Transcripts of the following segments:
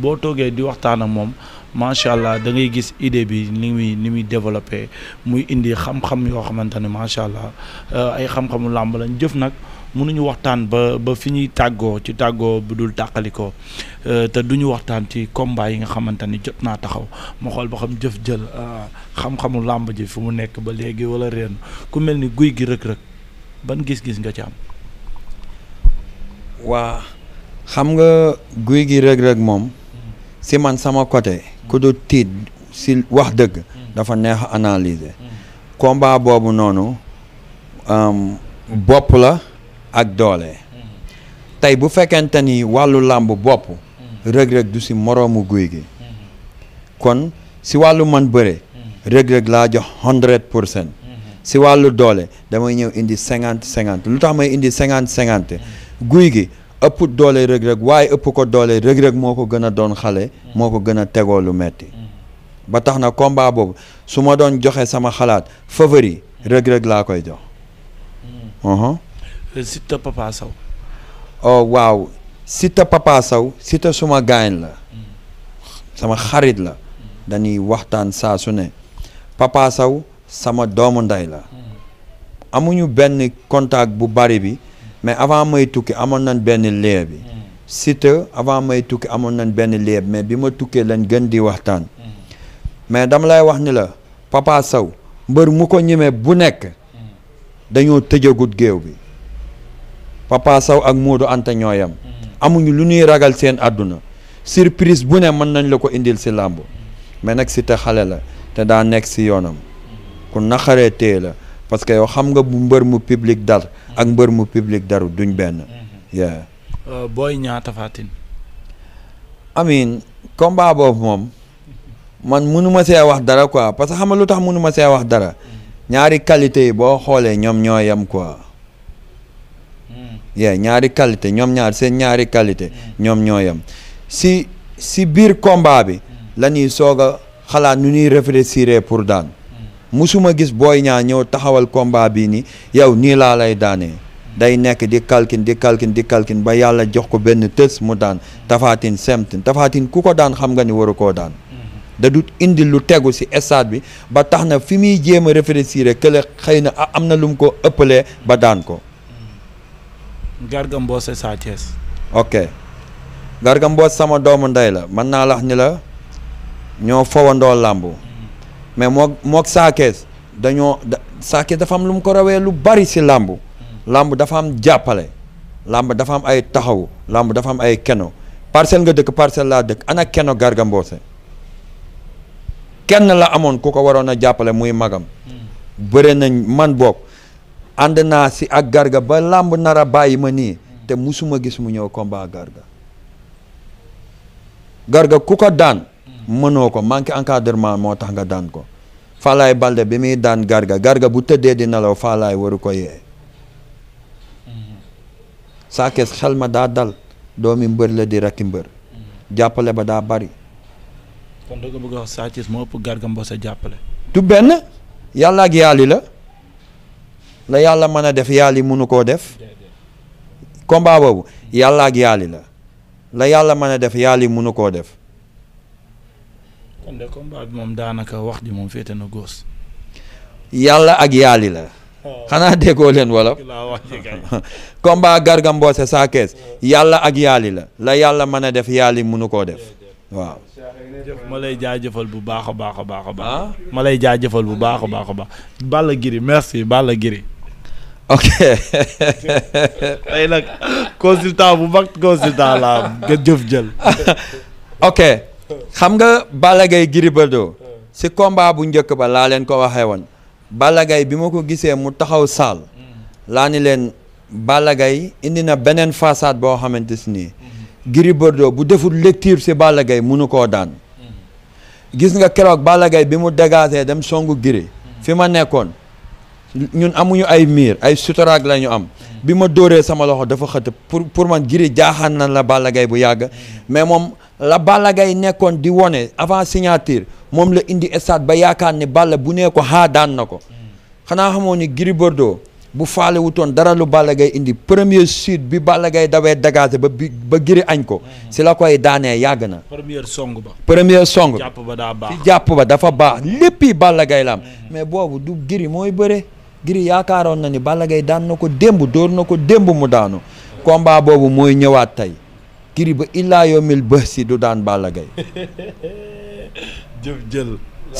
boo toogee di waxtaan ak moom macha allah da ngay gis idée bi ni muy ni muy développé muy indi xam-xam yoo xamante ne macha allah euh, ay xam-xamu làmb lañ jëf nag mënuñu waxtaan ba ba fi ñuy tàggoo ci tàggoo bu dul tàqalikoo euh, te duñu waxtaan ci combat yi nga xamante ni jot naa taxaw ma xool ba xam jëf jël euh, xam-xamu làmb ji fu mu nekk ba léegi wala reen ku mel ni guy gi rëg-rëg ban gis-gis nga ci am waa xam nga guy gi rëg-rëg moom si man sama côté ku du tiit si wax dëgg dafa neex analise combat boobu noonu bopp la ak doole tey bu fekkente ni wàllu làmb bopp rëg-rëg du si moroomu guy gi kon si wàllu man bëre rëg-rëg laa jox hundred pour si wàllu doole damay ñëw indi cinquante cinquante lu tax may indi cinquante cinquante guy gi ëpp doole Reug Reug waaye ëpp ko doole Reug Reug moo ko gën a doon xale moo ko gën a tegoo lu metti ba tax na combat boobu su ma doon joxe sama xalaat favori Reug Reug laa koy jox uh-huh. euh, Siteu Papa Sow oh, waaw Siteu Papa Sow Siteu suma gaañ la sama xarit la dañuy waxtaan saa su ne Papa sama doomu ndey la mm. amuñu benn contact bu bari bi mais avant may tukki amoon nañ benn lien bi Siteu hmm. avant may tukki amoon nañ benn lien mais bi ma tukkee lañ gën di waxtaan hmm. mais dama lay wax ni la Papa Sow mbër mu ko ñemee bu nekk hmm. dañoo tëjagut géew bi Papa Sow ak Modou Anta ñoo amuñu lu ñuy ragal seen àdduna surprise bu ne mën nañ la ko indil si làmb mais nag Siteu xale la te daa nekk si yoonam ku naxaree téye la parce que yow xam nga bu mbër mu public dar ak mbër mu public daru duñ benn. Mhm. yeah. Euh, Boy Niang Tapha Tine. amiin combat boobu moom man munu ma see wax dara quoi parce que xam nga lu tax munu ma see wax dara ñaari qualité yi boo xoolee ñoom ñoo yem quoi. Mhm. yeah ñaari qualité ñoom ñaar seen ñaari qualité mhm. ñoom ñoo yem si si biir combat bi la ñuy soog a xalaat nu ñuy réfléchir pour daan. musuma gis booy ñaa ñëw taxawal combat bii nii yow nii laa lay daanee day nekk di kalkin di kalkin di kalkin ba yàlla jox ko benn tës mu daan tafaatin semtin tafaatin ku ko daan xam nga ni waru koo daan da du indi lu tegu ci stade bi ba tax na fi muy jéem a réfléchir kële xëy na am na lu mu ko ëppalee ba daan ko Garga Sa Thiès ok Garga sama doomu ndey la mën naa lax ni la ñoo fowandoo làmb mais moo moo saakees dañoo da saakees dafa am lu mu ko rawee lu bari si làmb làmb dafa am jàppale làmb dafa am ay taxaw làmb dafa am ay keno parcelle nga dëkk parcelle laa dëkk ana keno Garga Mbossé kenn la amoon ku ko waroon a jàppale muy magam hmm. bëre man boog ànd naa si ak Garga ba làmb nara bàyyi ma nii hmm. te musuma gis mu ñëw combat Garga Garga ku ko daan mënoo ko manque encadrement moo tax nga daan ko Fallaye Balde bi muy daan garga garga bu tëddee di nelaw Fallaye waru ko yee mm-hmm. Sa Thiès xel ma daa dal doomi mbër la di rakki mbër mm-hmm. jàppale ba daa bari kon da nga bëgg jàppale du benn yàlla yàlli la la yàlla mën a def yàlli mënu koo def la la yàlla mën a def yàlli mënu koo def kon de combat bi moom daanaka wax ji moom féete na góos. yàlla ak yaali la. Oh. xanaa déggoo leen wala. combat Garga Mbossé Sa yàlla ak yaali la la yàlla mën a def yaali mënu koo def waaw. ma lay jaajëfal bu baax a baax a baax a baax. Ah? ma lay jaajëfal bu baax a baax a baax. Balla Giri merci Balla Giri. ok tey nag consultant bu mag consultant laa nga jëf jël. ok. xam nga Balla giri Gris Bordeaux hmm. si combat bu njëkk ba laa leen ko waxee woon Balla Gaye bi ma ko gisee mu taxaw saal hmm. laa ni leen Balla indi na beneen façade boo xamante si nii hmm. Gris Bordeaux bu deful lecture si Balla Gaye munu koo daan gis nga keroog Balla bi mu dégagé dem songu Gris fi ma nekkoon ñun amuñu ay miir ay suturaak la ñu am bi ma dóoree sama loxo dafa xëtt pour pour man Gris jaaxaan na la Balla bu yàgg mais moom la Balla gay nekkoon di wone avant signature moom la indi stade ba yaakaar ni Balla bu nee ko haa daan na ko xanaa xamoo ni Gris Bordeaux bu faale wutoon dara lu Balla gay indi premier sud bi Balla gay dawee dagaase ba bi ba Gris añ ko mm-hmm. si la koy daanee yàgg na. première song ba. première song. jàpp ba daa baax si jàpp ba dafa baax mm-hmm. léppi Balla gay la mm-hmm. mais boobu du Gris mooy bëre. Gris yaakaaroon na ni Balla Gaye daan na ko démb dóor na ko démb mu daanu. combat boobu mooy ñëwaat tey. kiri ba illaa yomil bë si du daan Balla Gaye jël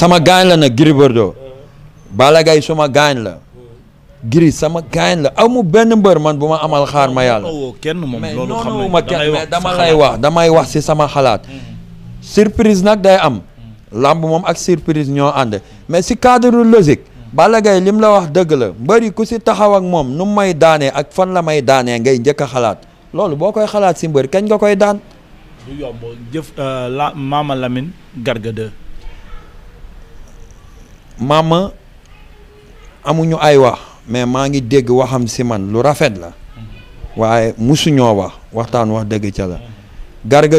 sama gaañ la nag Gris Bordeaux ah. Balla suma gaañ la Gris sama gaañ la amu benn mbër man bu ma amal xaar ma yàlla kenn moom ma mais dama lay wax damay wax si sama xalaat mm. surprise nag day am mm. làmb moom ak surprise ñoo ànd mais si cadre logique Balla Gaye lim la wax dëgg la mbër yi ku si taxaw ak moom nu may daanee ak fan la may daanee ngay njëkk a xalaat loolu boo koy xalaat si mbër kañ nga koy daan. du yomb jëf euh, la Mama Lamine amuñu ay wax mais maa ngi dégg waxam si man lu rafet la. Mm-hmm. waaye musuñoo wax waxtaan wax dëgg ca la. Garga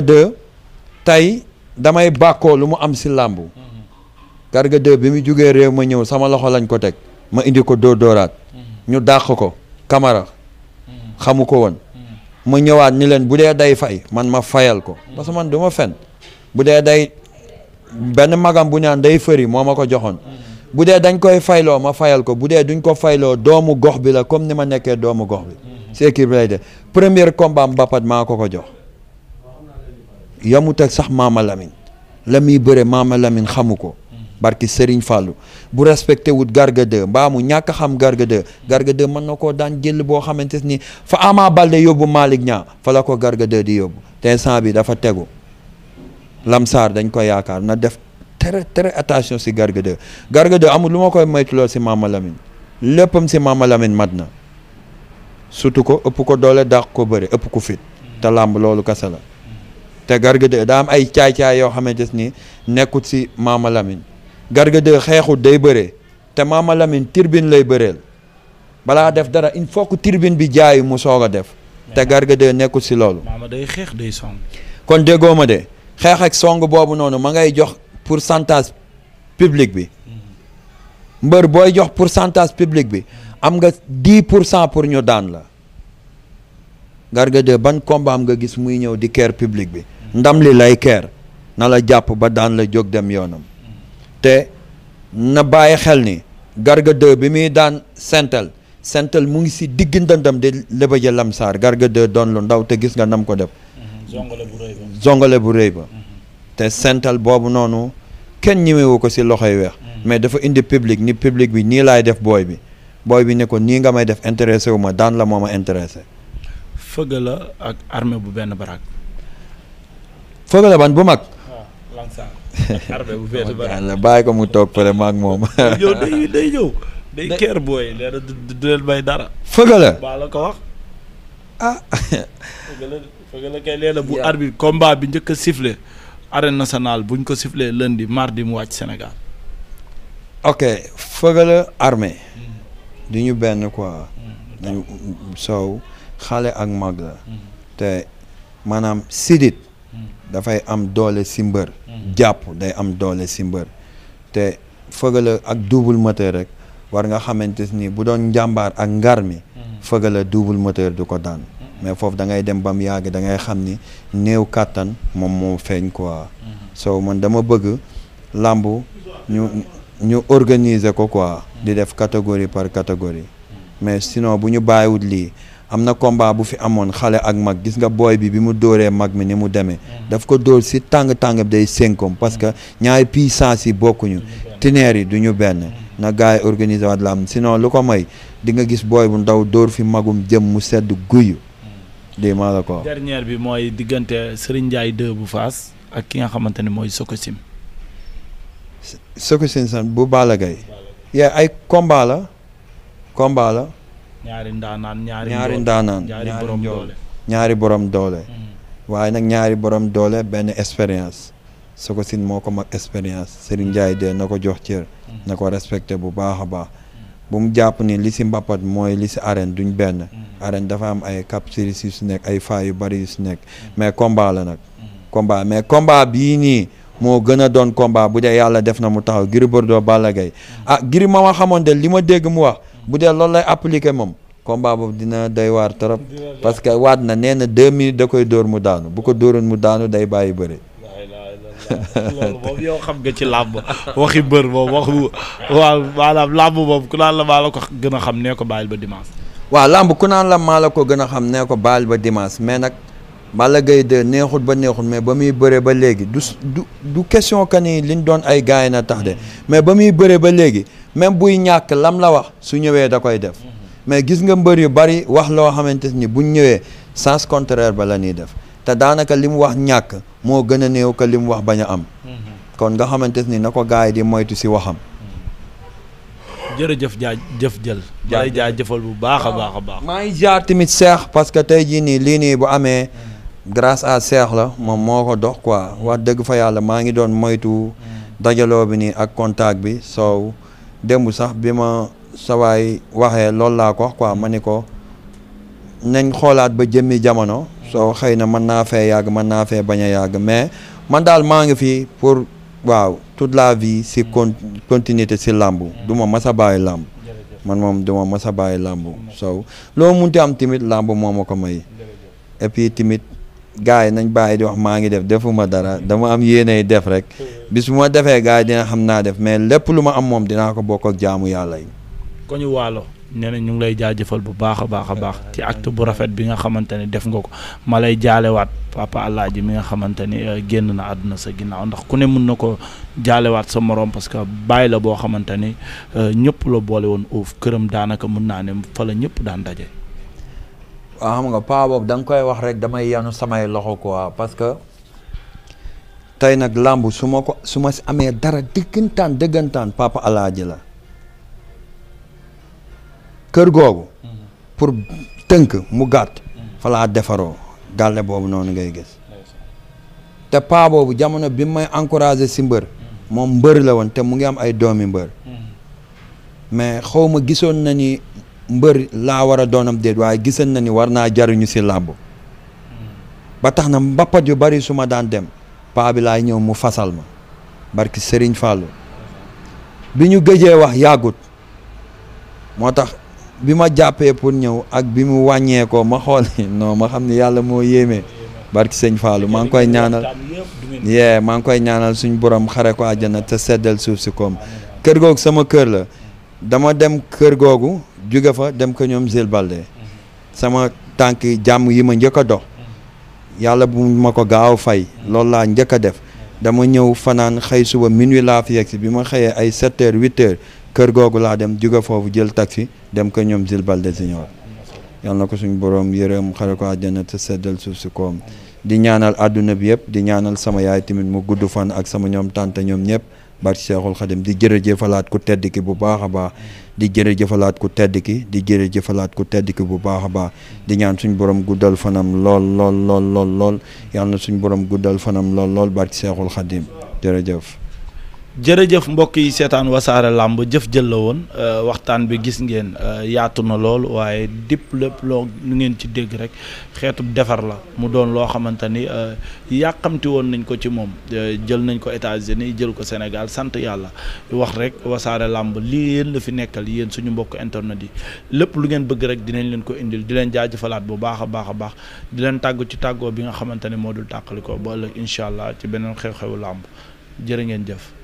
tey damay bàkkoo lu mu am si làmb. Mm-hmm. Garga bi mu jógee réew ma ñëw sama loxo lañ ko teg ma indi ko dóor dóoraat. Mm-hmm. ñu dàq ko kamara. xamu ko woon. ma ñëwaat ni leen bu dee day fay man ma fayal ko hmm. parce que man du fen bu dee day benn magam bu ñaan day fëri moo ma ko joxoon hmm. bu dee dañ koy fayloo ma fayal ko bu dee duñ ko fayloo doomu gox bi la comme ni ma nekkee doomu gox bi hmm. si équipe lay de premier combat mbapat maa ko ko jox yamut ak sax maama Lamine la muy bëre maama Lamine xamu ko barki Serigne Fallou bu respecté wut Garga 2 mbaa mu ñàkk xam Garga 2 mën na koo daan jël boo xamante ni fa Ama Balde yóbbu Malick Niang fa la ko Garga 2 di yóbbu te instant bi dafa tegu Lamsaar dañ ko yaakaar na def très très attention si Garga 2 Garga lu ma koy moytuloo si Mama Lamine léppam si Mama Lamine mat na surtout ko ëpp ko doole dàq ko bëre ëpp ko fit te làmb loolu kasa la te Garga 2 daa am ay caay-caay yoo xamante ni nekkut si Mama Lamine Garga 2 xeexut day bëree te Mama Lamine turbine lay bëreel balaa def dara in faut que bi jaay mu soog a def. te Garga 2 nekkul si loolu. Mama day xeex day song. kon déggoo ma de xeex ak song boobu noonu ma ngay jox pourcentage public bi mm-hmm. mbër booy jox pour pourcentage public bi am nga di pour cent pour ñu daan la. Garga ban combat am nga gis muy ñëw di ker public bi. Mm-hmm. ndam li lay keer na la jàpp ba daan la jóg dem yoonam. te na bàyyi xel ni Garga 2 bi muy daan sental sentel mu ngi si digg ndëndam di lébaje lamsaar Garga 2 doon lu ndaw te gis nga nam ko def mhm, zongale bu réy ba mhm. te sentel boobu noonu kenn ñemewu ko si loxoy weex mhm. mais dafa indi public ni public bi nii laay def booy bi booy bi ne nii nga may def intéressé wu ma daan la moo ma intéressé fëgg la ak armée bu benn baraak fëgg la ban bu mag ah, bu feetu bàyyi ko mu toog fële maag moom. day ñëw. day keer booy du du leen dara. fëgga la baa la ko wax. bi njëkk a sifflé. arène nationale buñ ko sifflé lundi mardi mu wàcc Sénégal. ok fëgga la hmm. du ñu benn quoi. Hmm, mm, soow xale ak mag la. Hmm. te maanaam sidit. dafay am doole si mbër. Mhm. jàpp day am doole si mbër. te Feugeuleu ak double moteur rek war nga xamante ni bu doon njàmbaar ak ngar mi. Mhm. Feugeuleu double du ko daan. Mhm. mais foofu da ngay dem ba mu yàgg da ngay xam ni néew kàttan moom moo feeñ quoi. so man dama bëgg làmb ñu ñu organiser ko quoi. di def catégorie par catégorie. mais sinon bu ñu bàyyiwut lii. am na combat bu fi amoon xale ak mag gis nga booy bi bi mu dóoree mag mi ni mu demee daf ko dóor si tàng-tàng bi day sénkom parce que ñaari puissance yi bokkuñu tineer yi du ñu benn na gars yi organiser waat lam sinon lu ko may di nga gis booy bu ndaw dóor fi magum jëm mu sedd guyu di maa la ko dernière bi mooy diggante Serigne Ndiaye 2 bu Faas ak ki nga xamante ne mooy Sokosim Sokosim san bu baala Gaye yee ay combat la combat la ñaari ndaanaan ñaari ndaanaan ñaari borom doole ñaari borom doole. Hmm. waaye nag ñaari borom doole benn expérience. Sococine moo ko mag expérience Serigne hmm. Ndiaye de na ko jox cër. Hmm. na ko respecté bu baax a baax. bu mu jàpp ni li si mbappat mooy li si arène duñ benn. arène dafa am ay capsules yu si nekk ay faa yu bari yu si nekk. mais combat nag. combat mais combat bii nii moo gën a doon combat bu dee yàlla def na mu taxaw Gris Bordeaux Balla gay a ah, Gris ma ma xamoon de li ma dégg mu wax. bu dee loolu lay appliqué moom combat boobu dina day waar trop parce que waat na nee na deux minutes da koy dóor mu daanu bu ko dóoroon mu daanu day bàyyi bëre. moom yow xam nga ci làmb waxi bër moom waxu waaw làmb moom ku naan la maa la ko gën a xam nee ko bàyyil ba dimanche. waa làmb ku naan la maa la ko gën a xam nee ko bàyyil ba dimanche mais nag Balla Gaye 2 neexut ba neexut mais ba muy bëree ba léegi du du du question que li liñ doon ay gaay na tax de mais ba muy bëre ba léegi. même buy ñàkk lam la wax su ñëwee da koy def mais gis nga mbër yu bari wax loo xamante ni buñ ñëwee sens contraire ba la ñuy def te daanaka li mu wax ñàkk moo gën a néew que li mu wax bañ a am kon nga xamante ni na ko gars yi di moytu si waxam jërëjëf jaa jëf jël jaay jaa bu baax a baax baax maa ngi jaar tamit Cheikh parce que tey jii nii lii nii bu amee grâce à Cheikh la moom moo ko dox quoi wax dëgg fa yàlla maa ngi doon moytu mm. dajaloo bi nii ak contact bi soow démb sax bi ma sawaay waxee loolu laa ko wax quoi ma ni ko nañ xoolaat ba jëmmi jamono soo xëy na mën naa fee yàgg mën naa fee bañ a yàgg mais man daal maa ngi fii pour waaw toute la vie si con si làmb du ma mas a bàyyi làmb man moom duma ma mas a bàyyi làmb soow loo munti am timit làmb moo ma ko may et puis timit gars yi nañ bàyyi di wax maa ngi def defuma dara dama am yéeney def rek bis bu ma defee gars yi dina xam naa def mais lépp lu ma am moom dinaa ko bokk ak jaamu yàlla yi. ko ñu waalo nee na ñu ngi lay jëfal bu baax a baax a baax ci acte bu rafet bi nga xamante ne def nga ko ma lay jaalewaat papa ji mi nga xamante ni euh, génn na àdduna sa ginnaaw ndax ku ne mun na ko jaalewaat sa moroom parce que bàyyi la boo xamante ni euh, ñëpp la boole woon uuf këram daanaka mun naa ne fa la ñëpp daan daje. waaw xam nga paa boobu koy wax tey nag làmb su ma ko su ma si amee dara dëggantaan dëggantaan papa alaaji la kër googu pour tënk mu gàtt fa laa defaroo gàlle boobu noonu ngay gis te paa boobu jamono bi may encouragé si mbër moom mbër la woon te mu ngi am ay doomi mbër mais xaw gisoon na ni mbër laa war a doonam déet waaye gisoon na ni war naa jariñu si làmb ba tax na mbappat yu bari su ma daan dem paa bi laay ñëw mu fasal ma barki sëriñ Fallou bi ñu gëjee wax yàggut moo tax bi ma jàppee pour ñëw ak bi mu wàññeekoo ma xool non ma xam ne yàlla moo yéeme barki sëñ Fallou maa ngi koy ñaanal yee maa ngi koy ñaanal suñ borom xare ko àjjana te seddal suuf si koom kër googu sama kër la dama dem kër googu jóge fa dem ko ñoom Zil Balde sama tànk jàmm yi ma njëkk a dox yàlla bu ma ko gaaw fay loolu laa njëkk a def dama ñëw fanaan xëy suba minuit laa fi yegsi bi ma xëyee ay 7 heures kër googu laa dem jóge foofu jël taxi dem ko ñoom Jules Balde Junior yàlla na ko suñu borom yërëm xare ko àjjana te seddal suuf si koom di ñaanal àdduna bi yëpp di ñaanal sama yaay tamit mu gudd fan ak sama ñoom tante ñoom ñëpp barke Seexul Xadim di jërëjëfalaat ku tedd ki bu baax a baax di jërëjëfalaat ku tedd ki di jërëjëfalaat ku tedd ki bu baax a baax di ñaan suñ borom guddal fanam lool lool lool lool lool yàlla na suñ borom guddal fanam lool lool barke Seexul Xadim jërëjëf jërëjëf mbokk yi seetaan wasaare làmb jëf jël la woon euh, waxtaan bi gis ngeen euh, yaatu na lool waaye dipp lépp loo lu ngeen ci dégg rek xeetu defar la mu doon loo xamante ni euh, yàqamti woon nañ ko ci moom jël nañ ko États-Unis jël ko Sénégal sant yàlla wax rek wasaare làmb lii yéen la fi nekkal yéen suñu mbokk internet yi lépp lu ngeen bëgg rek dinañ leen ko indil di leen jaajëfalaat bu baax a baax a baax di leen tàggu ci tàggoo bi nga xamante ne moo dul tàqali ko ba ëllëg allah ci beneen xew-xewu làmb jërë ngeen jëf